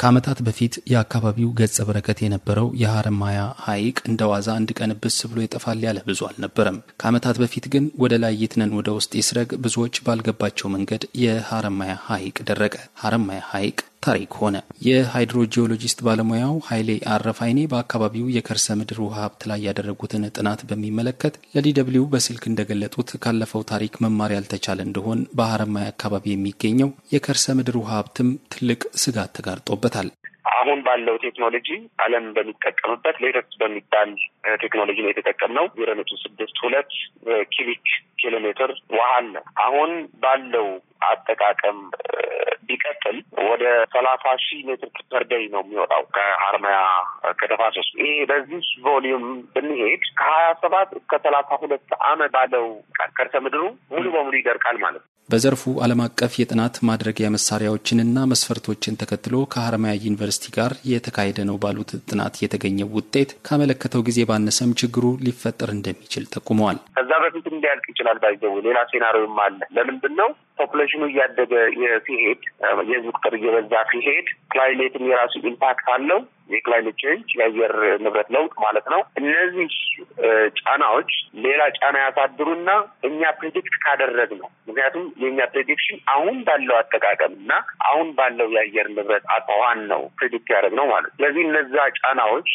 ከዓመታት በፊት የአካባቢው ገጸ በረከት የነበረው የሐረማያ ሐይቅ እንደ ዋዛ አንድ ቀን ብስ ብሎ ይጠፋል ያለ ብዙ አልነበረም። ከዓመታት በፊት ግን ወደ ላይ ይትነን ወደ ውስጥ ይስረግ ብዙዎች ባልገባቸው መንገድ የሐረማያ ሐይቅ ደረቀ። ሐረማያ ሐይቅ ታሪክ ሆነ። የሃይድሮጂኦሎጂስት ባለሙያው ኃይሌ አረፋይኔ በአካባቢው የከርሰ ምድር ውሃ ሀብት ላይ ያደረጉትን ጥናት በሚመለከት ለዲደብሊው በስልክ እንደገለጡት ካለፈው ታሪክ መማር ያልተቻለ እንደሆን በሀረማያ አካባቢ የሚገኘው የከርሰ ምድር ውሃ ሀብትም ትልቅ ስጋት ተጋርጦበታል። አሁን ባለው ቴክኖሎጂ ዓለም በሚጠቀምበት ሌተስት በሚባል ቴክኖሎጂ ነው የተጠቀምነው። ዜሮ ነጥብ ስድስት ሁለት ኪቢክ ኪሎሜትር ውሃ አለ። አሁን ባለው አጠቃቀም ቢቀጥል ወደ ሰላሳ ሺህ ሜትር ፐር ነው የሚወጣው ከሀርማያ ከደፋሶስ። ይሄ በዚህ ቮሊዩም ብንሄድ ከሀያ ሰባት እስከ ሰላሳ ሁለት ዓመት ባለው ከርሰ ምድሩ ሙሉ በሙሉ ይደርቃል ማለት ነው። በዘርፉ ዓለም አቀፍ የጥናት ማድረጊያ መሳሪያዎችንና መስፈርቶችን ተከትሎ ከሀረማያ ዩኒቨርሲቲ ጋር የተካሄደ ነው ባሉት ጥናት የተገኘው ውጤት ካመለከተው ጊዜ ባነሰም ችግሩ ሊፈጠር እንደሚችል ጠቁመዋል። ከዛ በፊት እንዲያልቅ ይችላል ባይዘው ሌላ ሴናሪዮም አለ። ለምንድን ነው ፖፕሌሽኑ እያደገ ሲሄድ የህዝብ ቁጥር እየበዛ ሲሄድ ክላይሜትም የራሱ ኢምፓክት አለው። የክላይሜት ቼንጅ የአየር ንብረት ለውጥ ማለት ነው። እነዚህ ጫናዎች ሌላ ጫና ያሳድሩና እኛ ፕሬዲክት ካደረግ ነው። ምክንያቱም የእኛ ፕሬዲክሽን አሁን ባለው አጠቃቀም እና አሁን ባለው የአየር ንብረት አቋዋን ነው ፕሬዲክት ያደረግ ነው ማለት። ስለዚህ እነዛ ጫናዎች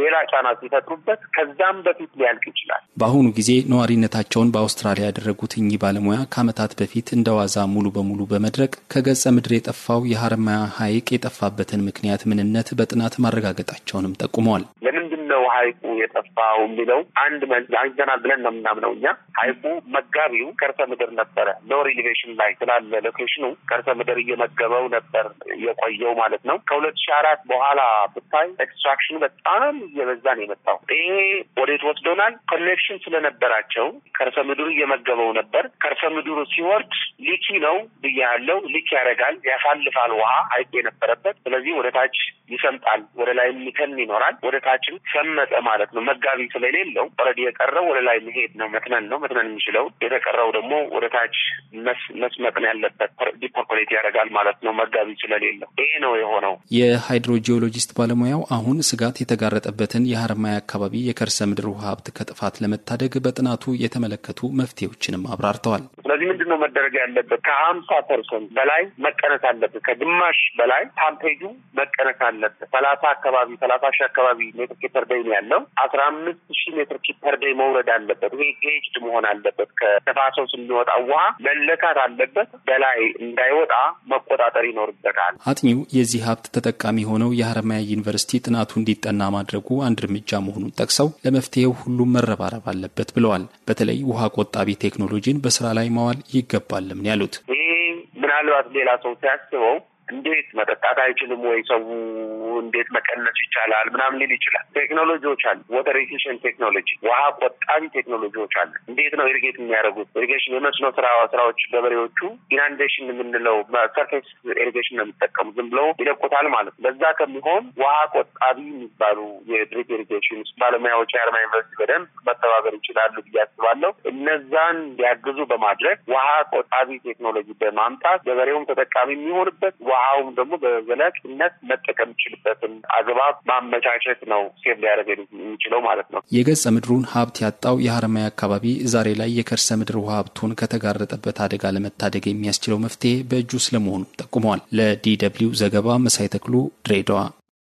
ሌላ ጫና ሲፈጥሩበት ከዛም በፊት ሊያልቅ ይችላል። በአሁኑ ጊዜ ነዋሪነታቸውን በአውስትራሊያ ያደረጉት እኚህ ባለሙያ ከዓመታት በፊት እንደ ዋዛ ሙሉ በሙሉ በመድረቅ ከገጸ ምድር የጠፋው የሀረማያ ሐይቅ የጠፋበትን ምክንያት ምንነት በጥናት ማ ማረጋገጣቸውንም ጠቁመዋል። ለምንድን ነው ሀይቁ የጠፋው የሚለው አንድ አይዘናል ብለን ነው የምናምነው እኛ። ሀይቁ መጋቢው ከርሰ ምድር ነበረ። ሎር ኢሊቬሽን ላይ ስላለ ሎኬሽኑ ከርሰ ምድር እየመገበው ነበር የቆየው ማለት ነው። ከሁለት ሺ አራት በኋላ ብታይ ኤክስትራክሽኑ በጣም እየበዛ ነው የመጣው። ይሄ ወዴት ወስዶናል? ኮኔክሽን ስለነበራቸው ከርሰ ምድሩ እየመገበው ነበር። ከርሰ ምድሩ ሲወርድ ሊኪ ነው ብያለው። ሊክ ያደርጋል፣ ያሳልፋል ውሃ ሀይቁ የነበረበት። ስለዚህ ወደ ታች ይሰምጣል ወደ ላይ የሚተን ይኖራል፣ ወደ ታችም ሰመጠ ማለት ነው። መጋቢ ስለሌለው ኦልሬዲ የቀረው ወደ ላይ መሄድ ነው፣ መትመን ነው። መትመን የሚችለው የተቀረው ደግሞ ወደ ታች መስመጥን ያለበት ዲፐርኮሌት ያደርጋል ማለት ነው። መጋቢ ስለሌለው ይሄ ነው የሆነው። የሃይድሮጂኦሎጂስት ባለሙያው አሁን ስጋት የተጋረጠበትን የሀረማያ አካባቢ የከርሰ ምድር ውሃ ሀብት ከጥፋት ለመታደግ በጥናቱ የተመለከቱ መፍትሄዎችንም አብራርተዋል። ስለዚህ ምንድን ነው መደረግ ያለበት? ከሀምሳ ፐርሰንት በላይ መቀነስ አለበት። ከግማሽ በላይ ፓምፔጁ መቀነስ አለበት። ሰላሳ አካባቢ ሰላሳ ሺህ አካባቢ ሜትር ኪ ደይ ነው ያለው። አስራ አምስት ሺህ ሜትር ኪ ደይ መውረድ አለበት። ይሄ ጌጅድ መሆን አለበት። ከተፋሰሱ የሚወጣ ውሃ መለካት አለበት። በላይ እንዳይወጣ መቆጣጠር ይኖርበታል። አጥኚው የዚህ ሀብት ተጠቃሚ ሆነው የሀረማያ ዩኒቨርሲቲ ጥናቱ እንዲጠና ማድረጉ አንድ እርምጃ መሆኑን ጠቅሰው ለመፍትሄው ሁሉም መረባረብ አለበት ብለዋል። በተለይ ውሃ ቆጣቢ ቴክኖሎጂን በስራ ላይ ማዋል ይገባልም ነው ያሉት። ይህ ምናልባት ሌላ ሰው ሲያስበው እንዴት መጠጣት አይችልም ወይ ሰው እንዴት መቀነስ ይቻላል ምናምን ሊል ይችላል። ቴክኖሎጂዎች አሉ። ወተር ኤፊሽንት ቴክኖሎጂ፣ ውሃ ቆጣቢ ቴክኖሎጂዎች አሉ። እንዴት ነው ኢሪጌት የሚያደርጉት? ኢሪጌሽን የመስኖ ስራ ስራዎች ገበሬዎቹ ኢናንዴሽን የምንለው ሰርፌስ ኢሪጌሽን ነው የሚጠቀሙ ዝም ብለው ይለቁታል ማለት ነው። በዛ ከሚሆን ውሃ ቆጣቢ የሚባሉ የድሪፕ ኢሪጌሽን ባለሙያዎች የአርማ ዩኒቨርሲቲ በደንብ መተባበር ይችላሉ ብዬ አስባለሁ። እነዛን ሊያግዙ በማድረግ ውሃ ቆጣቢ ቴክኖሎጂ በማምጣት ገበሬውም ተጠቃሚ የሚሆንበት ውሃውም ደግሞ በዘላቂነት መጠቀም ይችልበት የሚሄድበትን አግባብ ማመቻቸት ነው ሴፍ ሊያደርግ የሚችለው ማለት ነው። የገጸ ምድሩን ሀብት ያጣው የሀረማያ አካባቢ ዛሬ ላይ የከርሰ ምድር ውሃ ሀብቱን ከተጋረጠበት አደጋ ለመታደግ የሚያስችለው መፍትሄ በእጁ ስለመሆኑ ጠቁመዋል። ለዲ ደብልዩ ዘገባ መሳይ ተክሉ ድሬዳዋ